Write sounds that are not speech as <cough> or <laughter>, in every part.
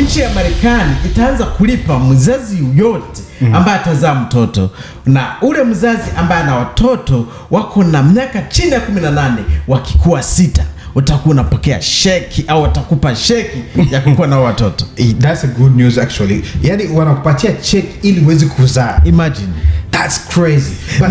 nchi ya Marekani itaanza kulipa mzazi yoyote mm. ambaye atazaa mtoto na ule mzazi ambaye ana watoto wako na miaka chini ya kumi na nane wakikuwa sita utakuwa unapokea sheki au watakupa sheki ya kukuwa na watoto. <laughs> Eh, that's a good news actually. Yani wanakupatia cheki ili uweze kuzaa. Imagine. That's crazy. But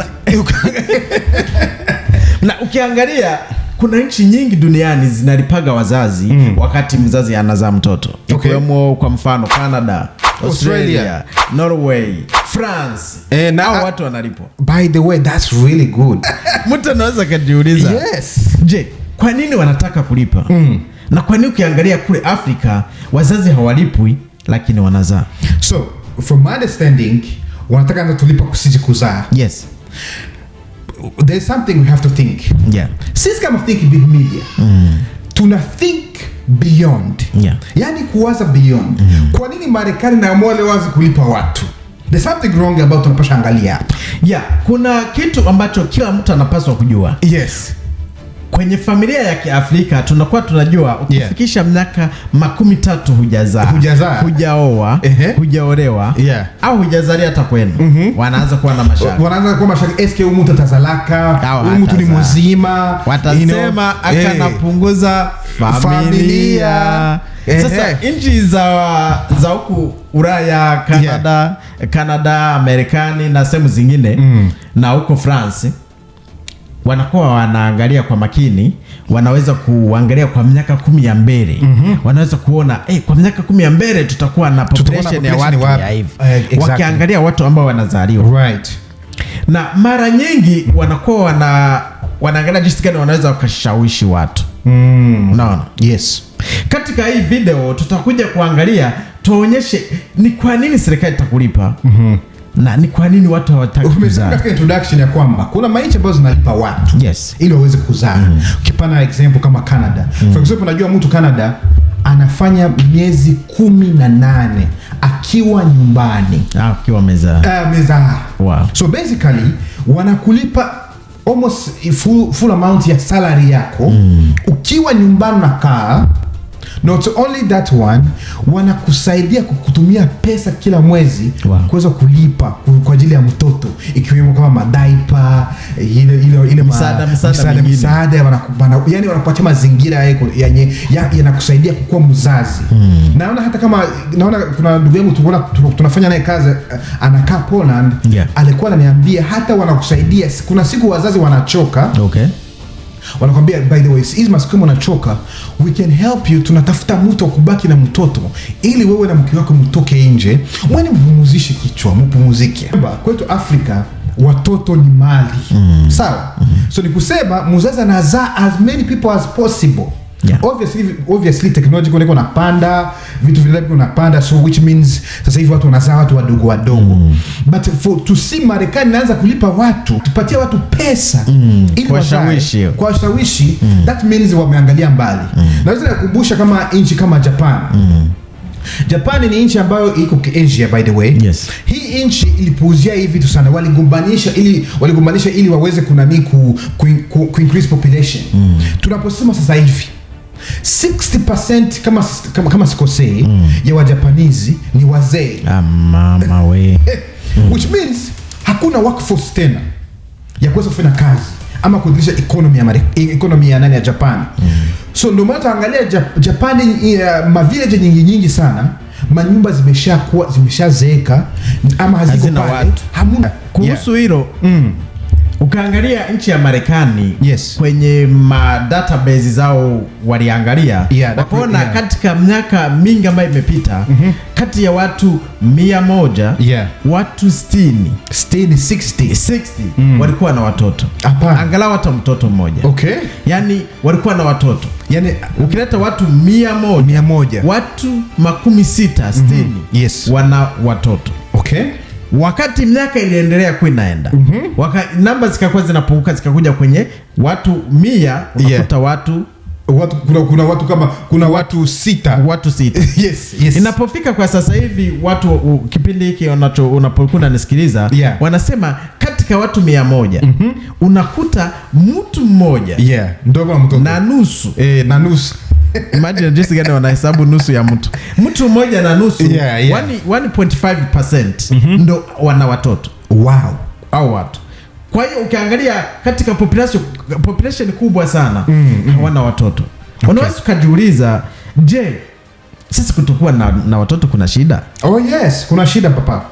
na <laughs> ukiangalia kuna nchi nyingi duniani zinalipaga wazazi mm. wakati mzazi anazaa mtoto ikiwemo okay. kwa mfano Canada, Australia, Australia, Norway, France eh, na au watu wanalipwa. By the way that's really good <laughs> mtu anaweza kajiuliza yes. Je, kwa nini wanataka kulipa mm. na kwa nini ukiangalia kule Afrika wazazi hawalipwi lakini wanazaa? So from my understanding wanataka tulipa kusiji kuzaa. Yes there's something we have to think yeah. since kama think big media mm. tuna think beyond yeah. Yani kuwaza beyond mm. Kwa nini Marekani na mwale wazi kulipa watu? There's something wrong about tunapasha angalia hapa yeah. Kuna kitu ambacho kila mtu anapaswa kujua yes kwenye familia ya Kiafrika tunakuwa tunajua ukifikisha yeah. miaka makumi tatu hujazaa, hujaza. hujaoa, hujaolewa yeah. au hujazalia hata kwenu mm -hmm. wanaanza kuwa na mashaka, wanaanza kuwa mashaka, eske huyu mtu atazalaka? Huyu mtu ni mzima? Watasema hey. Eh. akanapunguza familia, Sasa nchi za za huku Ulaya, Kanada, yeah. Kanada, Marekani na sehemu zingine mm. na huko France wanakuwa wanaangalia kwa makini, wanaweza kuangalia kwa miaka kumi ya mbele mm -hmm. Wanaweza kuona hey, kwa miaka kumi ya mbele tutakuwa na population ya watu ya hivi uh, exactly. Wakiangalia watu ambao wanazaliwa right. Na mara nyingi wanakuwa wana wanaangalia jinsi gani wanaweza wakashawishi watu mm. Unaona, yes. Katika hii video tutakuja kuangalia tuonyeshe ni kwa nini serikali itakulipa mm -hmm na ni kwa nini watu hawataki kuzaa? Katika introduction ya kwamba kuna maisha ambayo zinalipa watu yes, ili waweze kuzaa mm. Ukipana example kama Canada mm. For example, unajua mtu Canada anafanya miezi kumi na nane akiwa nyumbani ah, akiwa uh, meza eh, Wow. So basically wanakulipa almost full, full amount ya salary yako mm. ukiwa nyumbani nakaa Not only that one, wanakusaidia kukutumia pesa kila mwezi wow, kuweza kulipa kwa ajili ya mtoto ikiwemo kama madaipa eh, ile ile ile msaada msaada msaada, yani, wanakupatia mazingira yako yenye yanakusaidia kukuwa mzazi hmm. Naona hata kama naona kuna ndugu yangu tunafanya naye kazi, eh, anakaa Poland yeah, alikuwa ananiambia hata wanakusaidia, kuna siku wazazi wanachoka okay wanakwambia by the way, hizi masiku unachoka, we can help you. Tunatafuta mtu wa kubaki na mtoto ili wewe na mke wako mtoke nje, mwani mpumuzishe kichwa, mpumuzike. Kwetu Afrika watoto ni mali mm. Sawa mm -hmm. So ni kusema mzazi anazaa as many people as possible Yeah. Obviously, obviously technology kuna unapanda vitu vile unapanda, so which means sasa hivi watu wanazaa watu wadogo wadogo mm. But for to see Marekani naanza kulipa watu tupatie watu pesa mm. ili kwa kwa shawishi mm. that means wameangalia mbali mm. Naweza kukumbusha kama nchi kama Japan mm. Japani ni nchi ambayo iko Asia by the way. Yes. Hii nchi ilipuuzia hii vitu sana, waligombanisha ili waligombanisha ili waweze kunani ku, ku, ku, ku increase population mm. Tunaposema sasa hivi 60% kama, kama, kama sikosei mm. ya Wajapanizi ni wazee ah, mama we mm. <laughs> which means hakuna workforce tena ya kuweza kufanya kazi ama kuendelesha ekonomi ya Marika, e, ya nani ya Japani mm. so ndio maana taangalia Japani uh, eh, nyingi nyingi sana manyumba zimeshakuwa zimeshazeeka ama haziko hamuna kuhusu hilo yeah. mm Ukaangalia nchi ya Marekani yes. Kwenye ma database zao waliangalia yeah, wakaona yeah. Katika miaka mingi ambayo imepita mm -hmm. Kati ya watu mia moja yeah. Watu sitini 60 mm. Walikuwa na watoto angalau hata mtoto mmoja okay. Yani walikuwa na watoto yani, ukileta watu mia moja, mia moja. Watu makumi sita sitini mm -hmm. yes. Wana watoto okay wakati miaka iliendelea ku inaenda mm -hmm. namba zikakuwa zinapunguka zikakuja kwenye watu mia unakuta yeah. watu Watu, kuna, kuna watu kama kuna watu sita, watu sita. <laughs> yes, yes. Inapofika kwa sasa hivi watu u, kipindi hiki unapokuwa unanisikiliza yeah. wanasema katika watu mia moja mm -hmm. unakuta mtu mmoja yeah. na nusu e, na nusu Imagine jinsi gani wanahesabu nusu ya mtu mtu mmoja na nusu yeah, yeah. 1.5% mm-hmm. ndo wana watoto wow. au watu kwa hiyo ukiangalia katika population, population kubwa sana mm-hmm. hawana watoto okay. unaweza ukajiuliza je sisi kutokuwa na, na watoto kuna shida? Oh yes, kuna shida papa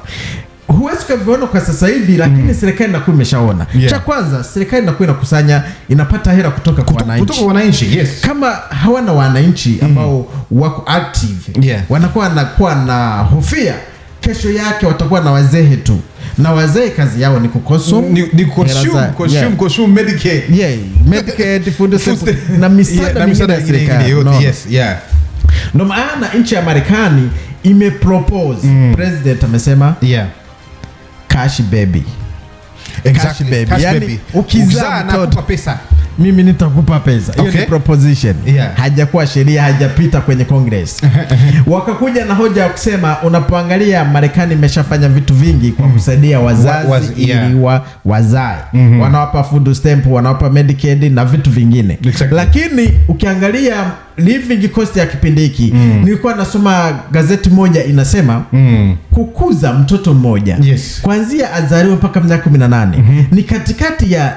huwezi ukaviona kwa sasa hivi, lakini mm. serikali inakuwa imeshaona yeah. Cha kwanza serikali inakuwa inakusanya, inapata hela kutoka kwa wananchi, kutoka wananchi yes. Kama hawana wananchi mm. ambao mm. wako active yeah. wanakuwa wanakuwa na hofia kesho yake watakuwa na wazee tu, na wazee kazi yao ni kuconsume ni consume consume consume Medicare, yeah Medicare, <laughs> food stamp na misaada mingine ya serikali no. Yes, yeah, ndio maana nchi ya Marekani imepropose mm. president amesema yeah Cash baby. Exactly. Cash baby. Cash yani, baby. Ukizaa kupa pesa mimi nitakupa pesa hiyo. Okay. Ni proposition yeah. Hajakuwa sheria, hajapita kwenye Congress <laughs> wakakuja na hoja ya kusema, unapoangalia Marekani imeshafanya vitu vingi kwa mm. kusaidia wazazi wa, waz, yeah. ili wa, wazae mm -hmm. wanawapa food stamp, wanawapa Medicaid na vitu vingine exactly. Lakini ukiangalia living cost ya kipindi hiki mm. Nilikuwa nasoma gazeti moja inasema mm. kukuza mtoto mmoja yes. kuanzia azaliwe mpaka miaka 18 mm -hmm. ni katikati ya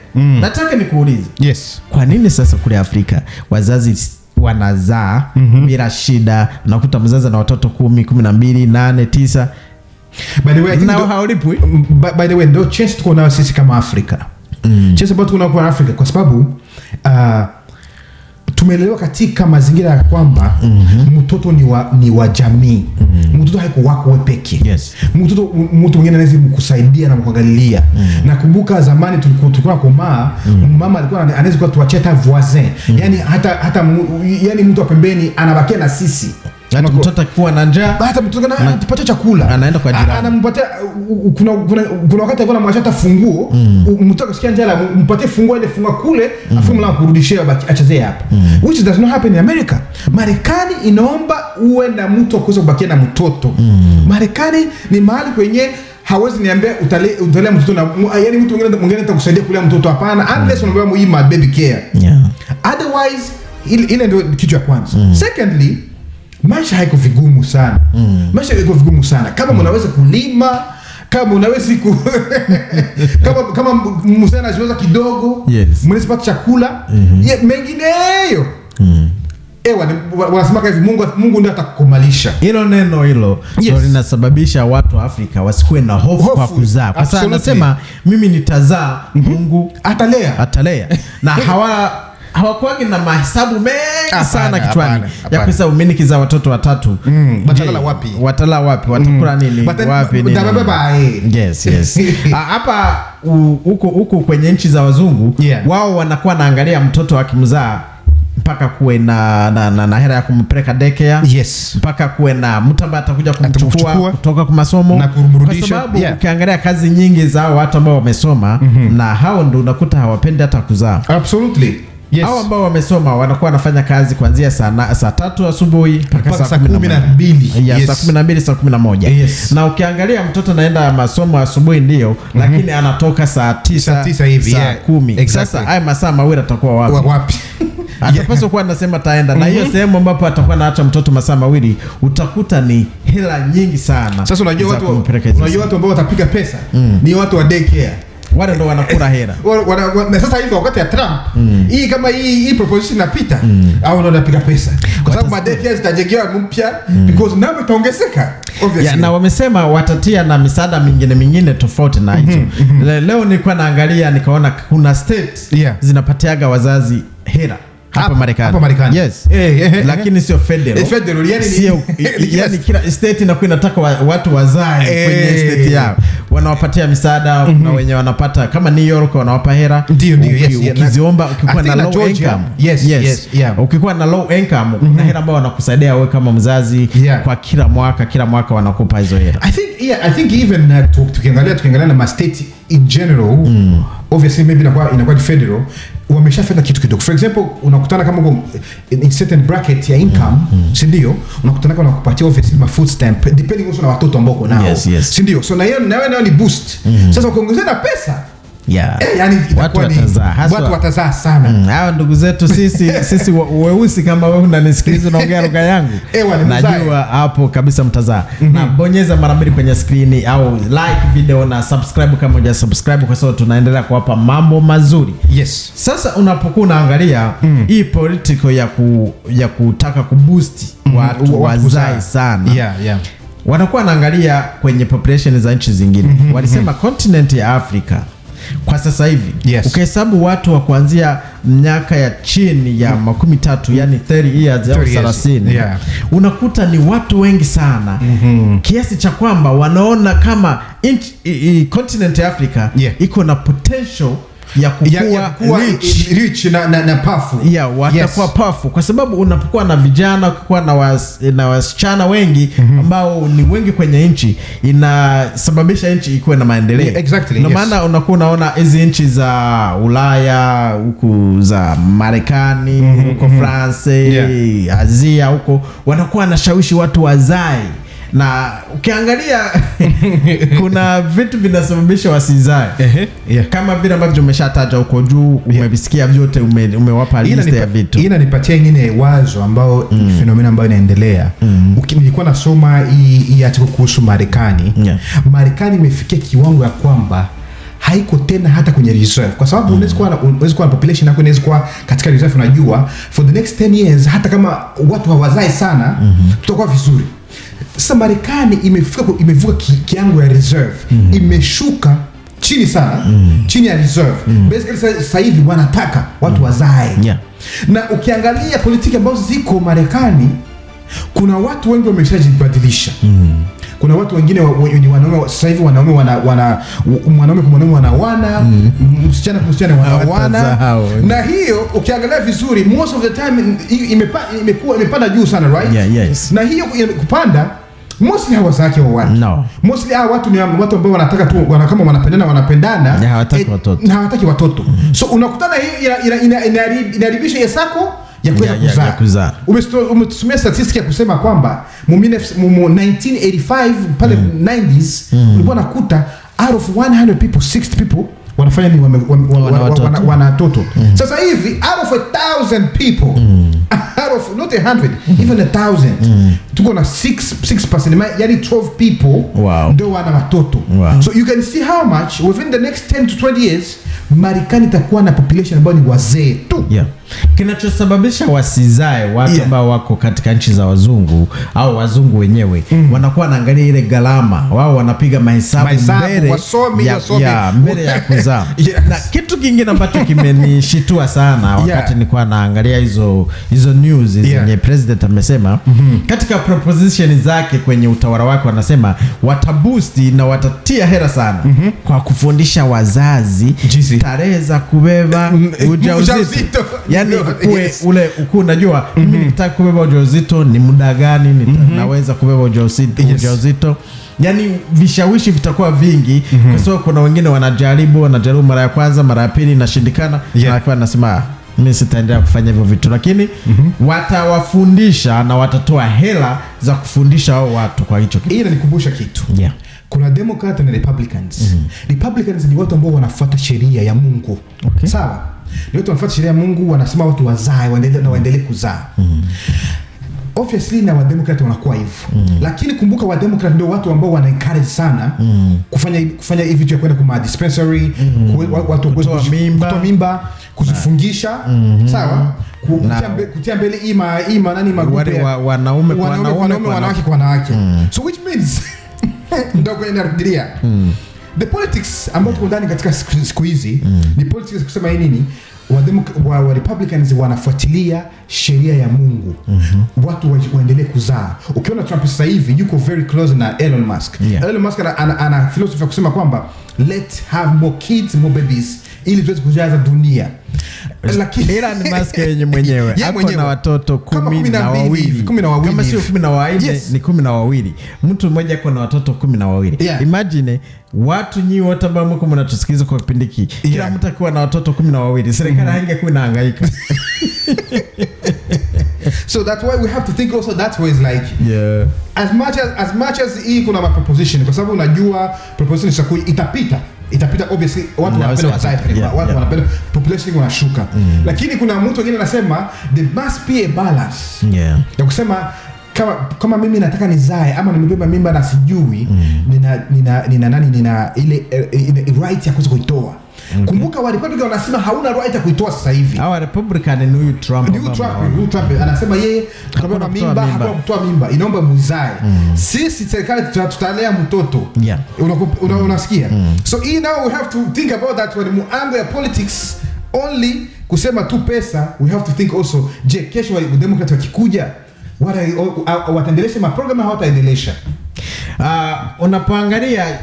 mm. nataka nikuulize yes. kwa nini sasa kule Afrika wazazi wanazaa mm-hmm. bila shida, unakuta mzazi na watoto kumi, kumi na mbili, nane, tisa haulipwi. Mm, ndo chance tuko nayo sisi kama Afrika mm. chance ambao tuko kwa Afrika kwa sababu uh, tumelelewa katika mazingira ya kwamba mhm. mtoto mm -hmm. ni wa, ni wa jamii mhm. mtoto mm -hmm. haiko wako wewe peke yes. mtoto mtu mwingine anaweza kukusaidia na kukuangalia mm -hmm. kumbuka zamani tulikuwa komaa mm -hmm. mama alikuwa anaweza kutuachia hata voisin mm -hmm. yani hata hata yani mtu wa pembeni anabakia na sisi Yaani mtoto akikuwa na njaa chakula anaenda kwa anampatia. Kuna kuna kuna wakati alikuwa anamwacha hata funguo mm. mtoto akisikia njaa mpatie funguo ile funga kule mm. afu mla kurudishia achezee hapa, mm. which does not happen in America. Marekani inaomba uwe na mtu akuweza kubakia na mtoto. mm. Marekani ni mahali kwenye hawezi niambia utalea mtoto yani mtu mwingine takusaidia kulea mtoto, hapana, unless unaambia mhii mabebi baby care, yeah otherwise ile ndio kitu ya kwanza. mm. Secondly maisha haiko vigumu sana mm. maisha haiko vigumu sana kama mnaweza mm. kulima kama unawezi ku <laughs> kama kama msana anaweza kidogo yes. mnaweza pata chakula mm-hmm. mm -hmm. yeah, mengineyo Ewa, wanasema hivi Mungu, Mungu ndiye atakukomalisha. Hilo neno hilo yes. linasababisha watu wa Afrika wasikuwe na hofu kwa kuzaa, kwa sababu anasema mimi nitazaa, mm-hmm. Mungu atalea atalea <laughs> na hawa hawakuwagi na mahesabu mengi apana, sana kichwani ya kuhesabu miliki za watoto watatu mm, watala wapi watakula mm. wapi, nini wapi nini yes yes <laughs> ah, hapa huku kwenye nchi za wazungu yeah. wao wanakuwa naangalia mtoto akimzaa mpaka kuwe na, na, na, na hera ya kumpeleka dekea yes. mpaka kuwe na mtu ambaye atakuja kumchukua kutoka kwa masomo na kumrudisha, kwa sababu yeah. ukiangalia kazi nyingi za watu ambao wamesoma mm -hmm. na hao ndio unakuta hawapendi hata kuzaa absolutely Yes. Hao ambao wamesoma wanakuwa wanafanya kazi kuanzia saa saa tatu asubuhi mpaka saa kumi na mbili yes. saa kumi na mbili saa kumi na moja yes. na ukiangalia mtoto anaenda masomo asubuhi ndio mm -hmm. lakini anatoka saa tisa hivi saa kumi yeah. exactly. Sasa haya masaa mawili atakuwa wapi, wapi? <laughs> atapaswa kuwa anasema taenda na hiyo mhm. sehemu ambapo atakuwa naacha mtoto masaa mawili, utakuta ni hela nyingi sana. Sasa unajua watu, unajua watu ambao watapiga pesa mm. ni watu wa daycare wale ndo wanakula hela <laughs> sasa hivi wakati ya Trump mm. hii kama hii hii proposition inapita mm. au ndo inapiga pesa kwa sababu madeni zitajengewa mpya mm. because nao itaongezeka obviously yeah, na wamesema watatia na misaada mingine mingine tofauti na hizo mm -hmm. Le, leo nilikuwa naangalia nikaona kuna state yeah. zinapatiaga wazazi hela hapa Marekani, hapa Marekani, yes, eh, eh, eh, lakini sio federal, federal yani sio <laughs> yani, kila state inakuwa inataka watu wazae kwenye state yao, wanawapatia misaada mm -hmm. na wenye wanapata kama New York wanawapa hera, ndio ndio, yes, ukiziomba ukikuwa na low income, yes yes, yeah. ukikuwa na low income mhm. kuna hera ambayo wanakusaidia wewe kama mzazi kwa kila mwaka, kila mwaka wanakupa hizo hera. I think yeah, I think even uh, tukiangalia tukiangalia na ma state in general, mm. obviously maybe inakuwa inakuwa federal wameshafanya kitu kidogo. For example, unakutana kama in certain bracket ya income, mm -hmm. si ndio? Unakutana kama nakupatia obviously ma food stamp depending also na watoto ambao uko nao. Yes, yes. Si ndio? So na yeye na wewe ni boost. Mm -hmm. Sasa ukiongezea na pesa Yaani watazaa sana mm, hawa ndugu zetu sisi <laughs> sisi weusi kama we unanisikiliza unaongea lugha yangu <laughs> eh, najua hapo kabisa mtazaa mhm. Na bonyeza mara mbili kwenye skrini au like video na subscribe kama uja subscribe, kwa sababu tunaendelea kuwapa mambo mazuri yes. Sasa unapokuwa unaangalia hmm. hii mm. politiko ya, ku, ya kutaka kuboost mm -hmm. watu wazae sana yeah, yeah wanakuwa wanaangalia kwenye population za nchi zingine mm -hmm, walisema mm -hmm. continent ya Afrika kwa sasa hivi yes. Ukihesabu watu wa kuanzia miaka ya chini ya mm. makumi tatu yani 30 years au 30 yeah. Unakuta ni watu wengi sana mm -hmm. Kiasi cha kwamba wanaona kama continent ya Africa yeah. iko na potential ya kukua rich, rich na, na, na pafu ya watakuwa yes. pafu kwa sababu unapokuwa na vijana ukikuwa na, was, na wasichana wengi mhm. ambao ni wengi kwenye nchi inasababisha nchi ikuwe na maendeleo yeah, exactly, ndio maana yes. unakuwa unaona hizi nchi za Ulaya huku za Marekani mm -hmm, huko mhm. France yeah. Asia huko wanakuwa wanashawishi watu wazae na ukiangalia <laughs> kuna vitu vinasababisha wasizae yeah. kama vile ambavyo umeshataja huko juu umevisikia vyote ume, umewapa list ya vitu hii inanipatia ingine wazo ambao mm. fenomena ambayo inaendelea mm. nilikuwa nasoma hii article kuhusu marekani yeah. marekani imefikia kiwango ya kwamba haiko tena hata kwenye reserve kwa sababu mm. unaweza kuwa unaweza kuwa na population yako inaweza kuwa katika reserve unajua for the next 10 years hata kama watu hawazai sana mm-hmm. tutakuwa vizuri sasa Marekani imefika imevuka kiango ya reserve mm imeshuka chini sana mm. chini ya reserve mm. basically sasa hivi wanataka watu mm. wazae yeah. na ukiangalia politiki ambazo ziko Marekani kuna watu wengi wameshajibadilisha mm. kuna watu wengine wenye wanaume sasa hivi wanaume wana, wana mwanaume kwa mwanaume wanawana mm. msichana kwa msichana wanawana na hiyo ukiangalia vizuri most of the time imepanda imepanda juu sana right yeah, yes. na hiyo kupanda mostly hawazake wa watu no. Mostly hawa watu ni watu ambao wanataka tu wana, kama wanapendana wanapendana na hawataki eh, watoto, na hawataki watoto mm. hmm So unakutana hiyo inaribisha ina, ina, yesako ya kuweza yeah, kuzaa yeah, ume, ume statistics ya kusema kwamba mu 1985 pale mm. 90s mm. ulikuwa nakuta out of 100 people 60 people wanafanya ni wana watoto mm. Sasa hivi out of 1000 people mm out of not a hundred mm. even a thousand mm. yani people wow. wana wow. so you can see how much within the next to years Marekani itakuwa na population ambayo ni wazee tu yeah. Kinachosababisha wasizae watu ambao wako katika nchi za wazungu au wazungu wenyewe mm. wanakuwa wanaangalia ile gharama wao, wanapiga mahesabu mbele ya, ya, mbele ya kuzaa <laughs> yes. na kitu kingine ambacho kimenishitua sana <laughs> wakati yeah. nilikuwa naangalia hizo, hizo hizo news yeah. zenye president amesema mm-hmm. katika proposition zake kwenye utawala wake wanasema watabusti na watatia hera sana mm-hmm. kwa kufundisha wazazi tarehe za kubeba mm, mm, mm, ujauzito yani ukue, yes. ule ukuu unajua mhm. mimi mm-hmm. nikitaka kubeba ujauzito ni muda gani mm-hmm. naweza kubeba ujauzito, yes. ujauzito yani vishawishi vitakuwa vingi mm-hmm. kwa sababu kuna wengine wanajaribu wanajaribu mara ya kwanza mara ya pili inashindikana yeah. nakiwa nasema ah, mi sitaendelea kufanya hivyo vitu, lakini mm -hmm. watawafundisha na watatoa hela za kufundisha wao watu kwa hicho kitu. Hii inanikumbusha kitu yeah. Kuna Democrat na Republicans. Mm -hmm. Republicans ni watu ambao wanafuata sheria ya Mungu okay. Sawa, ni watu wanafuata sheria ya Mungu, wanasema watu wazae waendelee na waendelee kuzaa mm -hmm obviously na wademokrat wanakuwa hivyo mm. Lakini kumbuka wademokrat ndio watu ambao wana encourage sana mm. kufanya kufanya hivi tu ya kwenda kwa dispensary mm. kwe, watu kutoa mimba, kutoa mimba kuzifungisha mm -hmm. sawa kutia mbele, ima ima nani magrupe wa, wanaume kwa wanaume wanawake kwa wanawake mm. so which means <laughs> ndio kwenda kudiria mm. the politics ambayo tuko ndani katika siku hizi mm. ni politics kusema hii nini wa, wa Republicans wanafuatilia sheria ya Mungu mm -hmm. Watu wa, waendelee kuzaa. Ukiona Trump sasa hivi yuko very close na Elon Musk yeah. Elon Musk ana, ana, ana philosophy ya kusema kwamba let have more kids more babies ili tuweze kujaza dunia lakini Elon Musk yenye <laughs> mwenyewe ako na watoto kumi na wawili kama sio kumi na wanne yes. ni kumi na wawili mtu mmoja ako na watoto kumi na wawili yeah. imagine watu nyii wote ambao mko mnatusikiliza kwa kipindi hiki yeah. kila mtu akiwa na watoto kumi na wawili serikali mm-hmm. angekuwa inahangaika <laughs> so that's why we have to think also that way is like yeah. as much as, as much as hii kuna proposition, kwa sababu unajua proposition itakuwa itapita itapita obviously, watu wanapenda type yeah, watu wanapenda population wanashuka mm. Lakini kuna mtu mwingine anasema there must be a balance yeah. ya kusema kama kama mimi nataka nizae ama nimebeba mimba na sijui mm. nina, nina, nina nani nina ile, ile eh, eh, right ya kuweza kuitoa Okay. Mm-hmm. Kumbuka wa Republican wanasema hauna right ya kuitoa sasa hivi. Hawa Republican ni huyu Trump. Ni Trump, huyu Trump anasema yeye hakuna mimba, hapo kutoa mimba. Inaomba muzae. Mm. Sisi serikali tutalea mtoto. Yeah. Unakuwa mm. unasikia? Mm. So hii now we have to think about that when muango ya politics only kusema tu pesa, we have to think also, je, kesho wa Democrat wakikuja wataendelesha maprogramu wataendelesha Uh, unapoangalia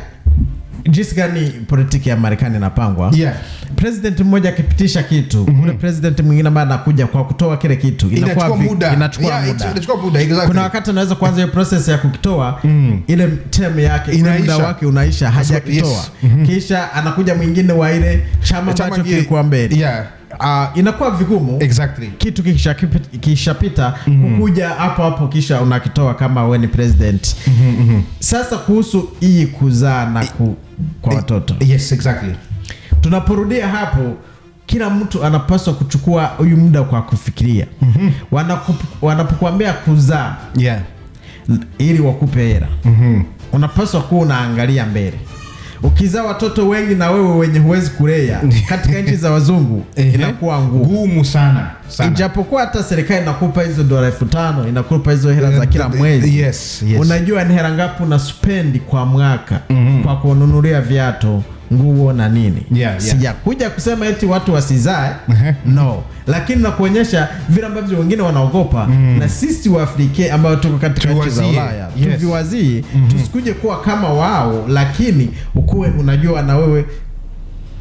jinsi gani politiki ya Marekani inapangwa, yeah. President mmoja akipitisha kitu mm -hmm. Ule president mwingine ambaye anakuja kwa kutoa kile kitu inachukua muda, inachukua yeah, muda. Inachukua muda exactly. Kuna wakati unaweza kuanza hiyo process ya kukitoa mm. Ile term yake muda wake unaisha hajakitoa yes. mm -hmm. Kisha anakuja mwingine wa ile chama ambacho kilikuwa mbele yeah uh, inakuwa vigumu exactly. Kitu kishapita mm -hmm. hapo hapo kisha unakitoa kama wewe ni president mm -hmm, mm -hmm. Sasa kuhusu hii kuzaa na ku, kwa eh, eh, watoto yes, exactly. Tunaporudia hapo kila mtu anapaswa kuchukua huyu muda kwa kufikiria mm -hmm. wanapokuambia kuzaa yeah. Ili wakupe hela mm -hmm. Unapaswa kuwa unaangalia mbele ukizaa watoto wengi na wewe wenye huwezi kulea katika nchi za wazungu <laughs> inakuwa ngumu sana, sana. Ijapokuwa hata serikali inakupa hizo dola elfu tano inakupa hizo hela za eh, kila eh, mwezi yes, yes. Unajua ni hela ngapi una spendi kwa mwaka mm -hmm. kwa kununulia viatu nguo na nini yeah, yeah. Sijakuja kusema eti watu wasizae no, lakini nakuonyesha vile ambavyo wengine wanaogopa mm. na sisi waafrike ambao tuko katika nchi za Ulaya yes. tuviwazii mm -hmm. tusikuje kuwa kama wao, lakini ukuwe unajua na wewe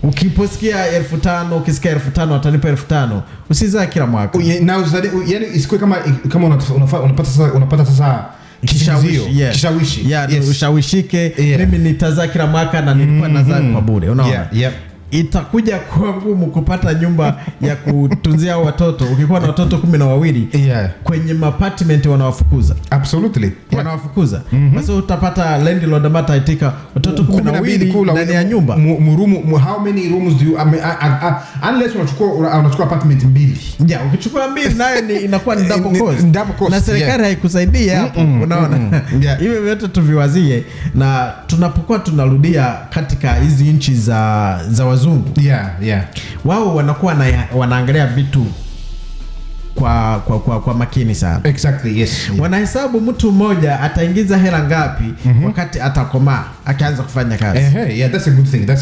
ukiposikia elfu tano ukisikia elfu tano watanipa elfu tano usizae kila mwaka, yani isikue kama kama unapata sasa unapata sasa kishawishike mimi nitazaa kila mwaka na nilikuwa nazaa mm-hmm. kwa bure unaona itakuja kuwa ngumu kupata nyumba ya kutunzia watoto ukikuwa na watoto kumi na wawili yeah. Kwenye mapartment wanawafukuza absolutely, yeah. wanawafukuza mm -hmm. Basi utapata landlord ambaye ataitika watoto kumi na wawili ndani ya nyumba murumu. How many rooms do you I mean, I, I, I, unless unachukua unachukua apartment mbili yeah, ukichukua mbili nayo ni inakuwa ni double <laughs> cost, double cost na serikali yeah. haikusaidia hapo mm -mm, unaona mm -mm, yeah. Hivi vyote tuviwazie, na tunapokuwa tunarudia katika hizi nchi za za wazungu yeah, yeah. Wao wanakuwa na, wanaangalia vitu kwa, kwa, kwa, kwa makini sana exactly, yes, yeah. Wanahesabu mtu mmoja ataingiza hela ngapi mm -hmm. Wakati atakomaa akianza kufanya kazi eh, hey, yeah,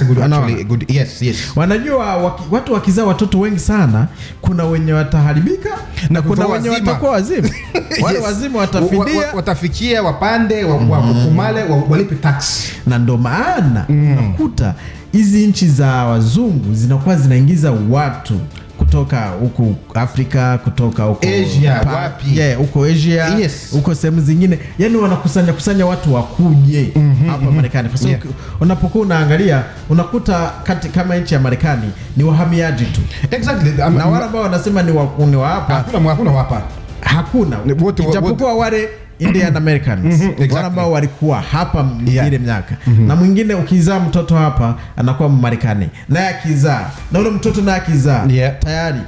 good good, yes, yes. Wanajua waki, watu wakizaa watoto wengi sana, kuna wenye wataharibika na, kuna wenye watakuwa wazima <laughs> wale yes. Wazimu watafidia watafikia wapande wakumale mhm. walipe tax na ndo maana mm. unakuta hizi nchi za wazungu zinakuwa zinaingiza watu kutoka huku Afrika, kutoka huko Asia, wapi? Yeah, huko Asia, yes. sehemu zingine, yani wanakusanya kusanya watu wakuje mm hapa -hmm, Marekani kwa sababu yeah. Unapokuwa unaangalia unakuta kati kama nchi ya Marekani ni wahamiaji tu exactly. Na wale ambao wanasema ni wa hapa, hakuna hakuna, wapa hakuna, japokuwa wale Indian mm-hmm. Americans mm -hmm, exactly. wana ambao walikuwa hapa yeah. miaka mm -hmm. na mwingine ukizaa mtoto hapa anakuwa Mmarekani naye akizaa na ule mtoto naye akizaa yeah. tayari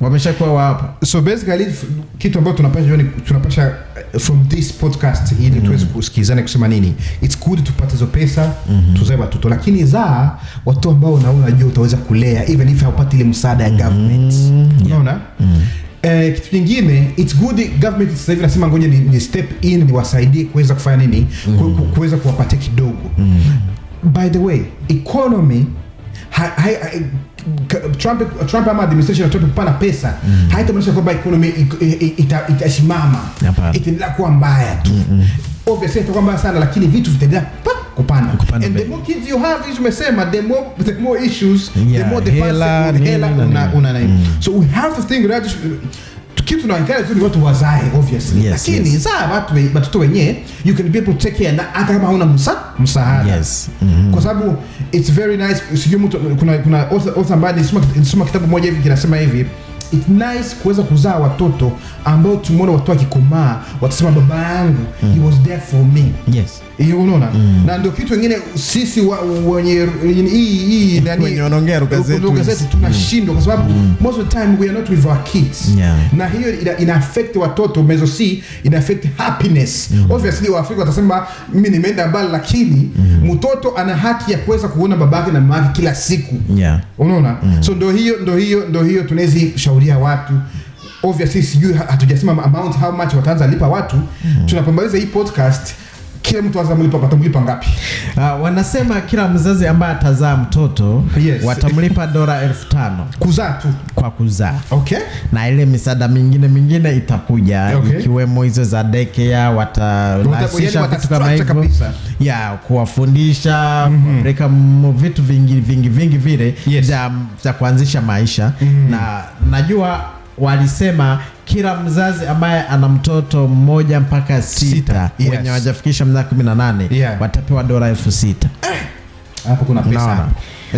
wameshakuwa wa hapa. So basically kitu ambacho tunapasha tunapasha eh, from this podcast ili mm -hmm. tuweze mm-hmm. kusikizana kusema nini, it's good tupate hizo pesa mm -hmm. tuzae watoto, lakini zaa watu ambao unaona jua utaweza kulea even if haupati ile msaada ya government mm -hmm. unaona yeah. mm -hmm Eh, kitu kingine it's good government sasa hivi nasema ngoja ni, ni step in niwasaidie kuweza kufanya nini mm. kuweza kuwapatia kidogo mm. By the way economy ha, ha, ha, Trump, Trump ama administration ya kupana pesa mm. haitamaanisha kwamba economy e, e, e, itasimama ita, itaendelea kuwa mbaya tu mm -hmm obviously kwamba sana, lakini vitu vitaendelea kupanda And the more kids you have, is umesema the more the more issues yeah, the more the hela hela una, una mm. So we have to think that kitu tunaencourage tu ni watu wazae obviously, yes, lakini yes. Zaa watu watoto wenyewe, you can be able to take care, na hata kama hauna msa msaada yes. mm -hmm. Kwa sababu it's very nice. Sijui mtu kuna kuna author, author ambaye nisoma kitabu moja hivi kinasema hivi it's nice kuweza kuzaa watoto ambao tumeona watoto wakikomaa watasema baba yangu mm. he was there for me yes unaona mm. na ndio kitu kingine sisi wenye hii hii nani wanaongea lugha zetu tunashindwa, kwa sababu mm. most of the time we are not with our kids yeah. na hiyo ina, ina affect watoto mezo, si ina affect happiness mm. Obviously wa Afrika watasema mimi nimeenda mbali, lakini mm. mtoto mm. ana haki ya kuweza kuona babake na mamake kila siku yeah. unaona mm. so ndio hiyo ndio hiyo ndio hiyo tunaezi shauria watu obviously, sijui hatujasema amount how much wataanza lipa watu mm. tunapambaniza hii podcast kile mtu atamlipa watamlipa ngapi? Uh, wanasema kila mzazi ambaye atazaa mtoto yes, watamlipa dola elfu tano kuzaa tu kwa kuzaa okay, na ile misaada mingine mingine itakuja okay, ikiwemo hizo za dekea watalaisha vitu kama hivyo ya kuwafundisha mhm. kuwapeleka mm -hmm. vitu vingi vingi vingi vile yes, vya kuanzisha maisha mm -hmm. na najua walisema kila mzazi ambaye ana mtoto mmoja mpaka sita, sita. Yes. wenye wajafikisha miaka 18 yeah. watapewa dola elfu sita eh hapo kuna pesa yeah.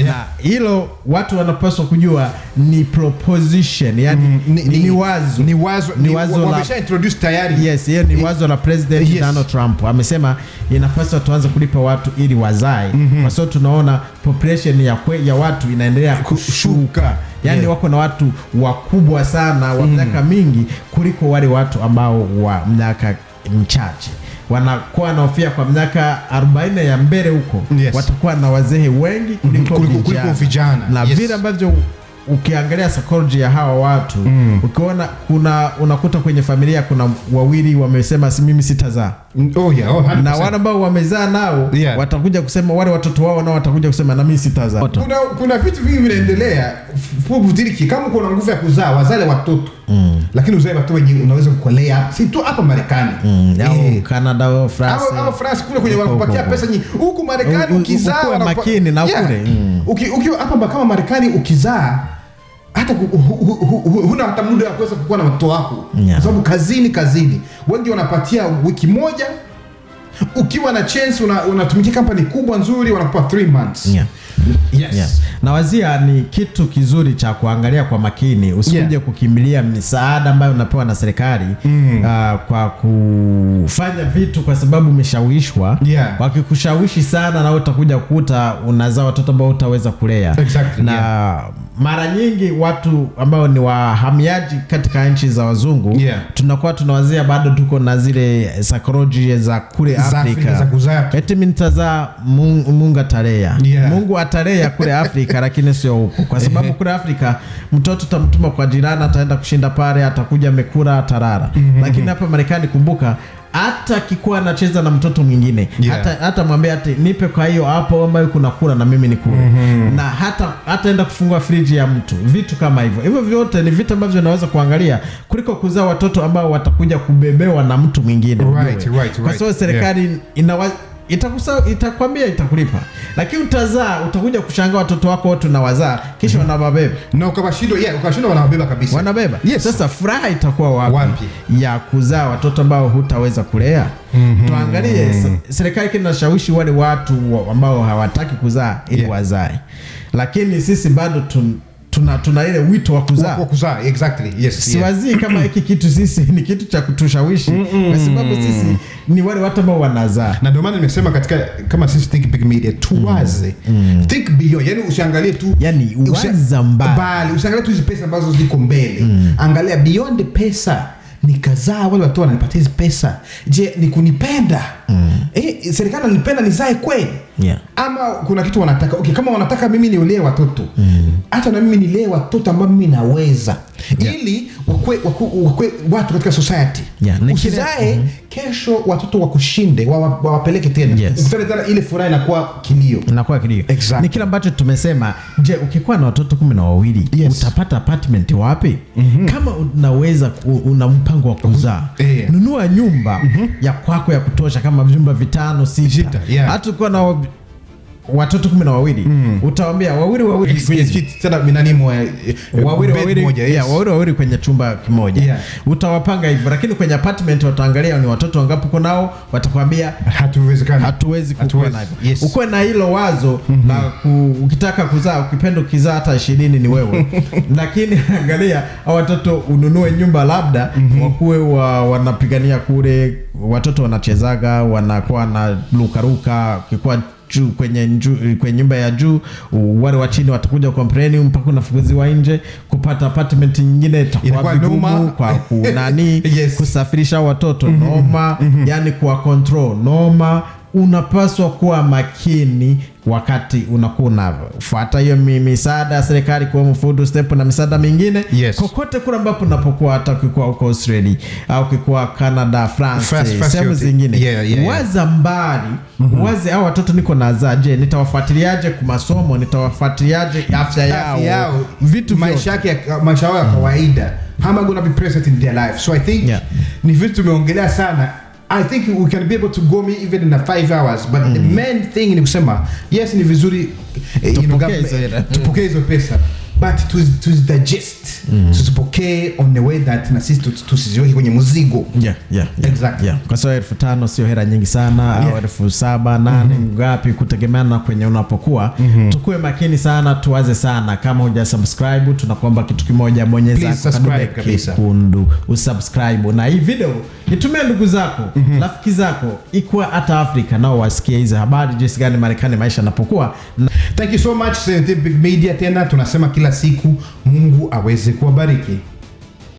Na hilo watu wanapaswa kujua ni proposition, yani mm, ni, ni ni wazo ni wazo ni wazo la wamesha introduce tayari. Yes, hiyo ni wazo la President yes. Donald Trump amesema inapaswa tuanze kulipa watu ili wazae mm -hmm. Kwa sababu tunaona population ya, kwe, ya watu inaendelea kushuka yani yeah. Wako na watu wakubwa sana wa mhm. miaka mm mingi kuliko wale watu ambao wa miaka mchache wanakuwa wanaofia kwa miaka 40 ya mbele huko, yes. watakuwa na wazee wengi mm-hmm. kuliko vijana, vijana. na yes. vile ambavyo ukiangalia psychology ya hawa watu mm. ukiona kuna unakuta kwenye familia kuna wawili wamesema mimi sitazaa Oh yeah, oh, na wale ambao wamezaa nao yeah, watakuja kusema wale watoto wao nao watakuja kusema na mimi sitazaa. Kuna kuna vitu vingi vinaendelea fubudiriki, kama kuna nguvu ya kuzaa wazale watoto mm, lakini uzae watoto wenye unaweza kukolea, si tu hapa Marekani mm, eh, Canada au France au France kule kwenye wanakupatia pesa nyingi. Huku Marekani ukizaa, ukiwa makini na kule mm. ukiwa hapa kama Marekani ukizaa hata huna hata muda wa kuweza kukuwa na watoto wako yeah. Kwa sababu kazini kazini, wengi wanapatia wiki moja. Ukiwa na chance unatumikia una kampani kubwa nzuri, wanakupa 3 months yeah. Yes. Yeah. Na wazia ni kitu kizuri cha kuangalia kwa makini, usikuje yeah. kukimbilia misaada ambayo unapewa na serikali mm. uh, kwa kufanya vitu kwa sababu umeshawishwa yeah. wakikushawishi sana, na utakuja kukuta unazaa watoto ambao utaweza kulea exactly. na yeah mara nyingi watu ambao ni wahamiaji katika nchi za wazungu yeah. Tunakuwa tunawazia bado tuko na zile sakolojia za kule Afrika, eti mimi mungu, mungu atalea yeah. Mungu atalea kule Afrika lakini sio huko, kwa sababu kule Afrika mtoto tamtuma kwa jirani, ataenda kushinda pale, atakuja amekula, atarara. mm -hmm. Lakini hapa Marekani kumbuka hata kikuwa anacheza na mtoto mwingine yeah. hata, hata mwambie ati nipe kwa hiyo hapo ambayo kuna kula na mimi ni kule mm -hmm. na hata ataenda kufungua friji ya mtu, vitu kama hivyo. Hivyo vyote ni vitu ambavyo vinaweza kuangalia kuliko kuzaa watoto ambao watakuja kubebewa na mtu mwingine, right, right, right. Kwa sababu serikali yeah. inawa itakusa itakwambia itakulipa, lakini utazaa, utakuja kushangaa watoto wako wote unawazaa kisha mm -hmm. wanawabeba na ukawashindwa, yeah, ukawashindwa wanawabeba kabisa, wanabeba yes. Sasa furaha itakuwa wapi, wapi ya kuzaa watoto ambao hutaweza kulea? mm -hmm. Tuangalie serikali kinashawishi wale watu ambao hawataki kuzaa ili yeah. wazae lakini sisi bado tun, tuna, tuna ile wito wa kuzaa wa kuzaa exactly yes siwazii yeah. kama hiki kitu sisi ni kitu cha kutushawishi mm -mm. kwa sababu sisi ni wale watu ambao wanazaa na ndio maana nimesema katika kama sisi think big media tuwaze mm. mm. think beyond yani usiangalie tu yani waza mbali usiangalie tu hizi pesa ambazo ziko mbele mm. angalia beyond pesa nikazaa, wale watu wananipatia hizi pesa, je, ni kunipenda? mm. Eh, serikali nanipenda nizae kweli? yeah. ama kuna kitu wanataka? Okay, kama wanataka mimi niulee watoto mm. hata mm. na mimi nilee watoto ambao mimi naweza yeah. ili wakwe, wakwe, wakwe watu katika society yeah. usizae mm -hmm. kesho watoto wakushinde wawapeleke tena yes. tena ile furaha inakuwa kilio, inakuwa kilio exactly. ni kile ambacho tumesema. Je, ukikuwa na watoto kumi na wawili yes. utapata apartment wapi? mm -hmm. kama unaweza unampa mpango wa kuzaa mm-hmm. yeah. Nunua nyumba mm -hmm. ya kwako ya kutosha kama vyumba vitano sita, hata yeah. na watoto kumi na wawili mm. utawambia wawili wawiliwawili eh, wawili kwenye chumba kimoja yeah. Utawapanga hivyo, lakini kwenye apartment wataangalia ni watoto wangapi uko nao, watakwambia hatuwezi Yes. Ukuwe na hilo wazo mm -hmm. na ku, ukitaka kuzaa, ukipenda ukizaa hata ishirini ni wewe <laughs> lakini angalia watoto ununue nyumba labda mm -hmm. wakuwe wa, wanapigania kule, watoto wanachezaga wanakuwa na rukaruka kikuwa juu kwenye, nju, kwenye nyumba ya juu, wale wa chini watakuja kompleni mpaka unafukuziwa nje. Kupata apartment nyingine itakuwa vigumu <laughs> kwa kunani <laughs> yes. Kusafirisha watoto mm -hmm. Noma mm -hmm. Yani kuwa control noma, unapaswa kuwa makini wakati unakuwa unafuata hiyo misaada ya serikali kwa food stamp na misaada mingine yes. Kokote kule ambapo unapokuwa hata ukikuwa huko Australia au ukikuwa Canada, France, sehemu zingine yeah, yeah, waza mbali mm -hmm. Waze au watoto niko nazaa, je, nitawafuatiliaje kwa masomo, nitawafuatiliaje afya yao, yao, vitu maisha yake maisha yao ya kawaida, how am I going be present in their life? So I think yeah. ni vitu tumeongelea sana I think we can be able to go me even in a five hours but mm. the main thing ni kusema yes ni vizuri eh, tupokee hizo pesa but tuzidigest mm. tuzipokee on the way that na sisi tusiziweke kwenye mzigo yeah, yeah, yeah, exactly. yeah. kwa sababu elfu tano sio hera nyingi sana yeah. au elfu saba nane mm-hmm. ngapi kutegemeana na kwenye unapokuwa mm-hmm. tukuwe makini sana tuwaze sana kama huja subscribe tunakuomba kitu kimoja bonyeza kadume kikundu usubscribe na hii video itumie ndugu zako mm-hmm. rafiki zako ikuwa hata afrika nao wasikie hizi habari jinsi gani marekani maisha yanapokuwa na- thank you so much scientific media tena tunasema kila kila siku. Mungu aweze kuwabariki.